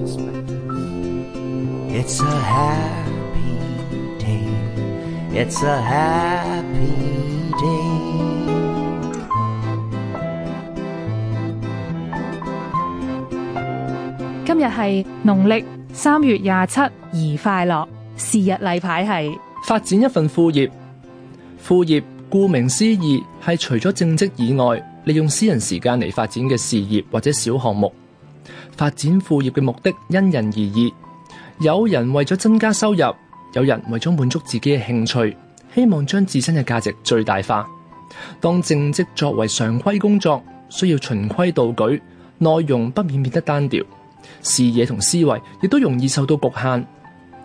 It's a happy day. It's a happy day. 今日係農曆三月廿七，而快樂，事日禮是日例牌係發展一份副業。副業顧名思義，係除咗正職以外，利用私人時間嚟發展嘅事業或者小項目。發展副業嘅目的因人而異，有人為咗增加收入，有人為咗滿足自己嘅興趣，希望將自身嘅價值最大化。當正職作為常規工作，需要循規蹈矩，內容不免變得單調，視野同思維亦都容易受到局限。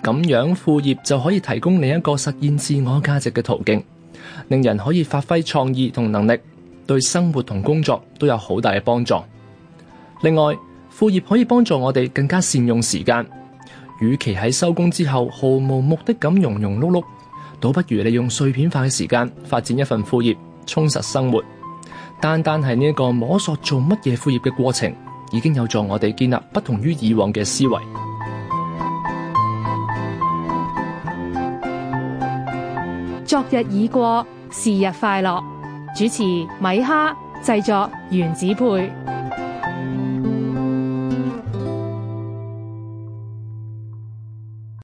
咁樣，副業就可以提供另一個實現自我價值嘅途徑，令人可以發揮創意同能力，對生活同工作都有好大嘅幫助。另外，副業可以幫助我哋更加善用時間，與其喺收工之後毫無目的咁庸庸碌碌，倒不如利用碎片化嘅時間發展一份副業，充實生活。單單係呢一個摸索做乜嘢副業嘅過程，已經有助我哋建立不同於以往嘅思維。昨日已過，是日快樂。主持米哈，製作原子配。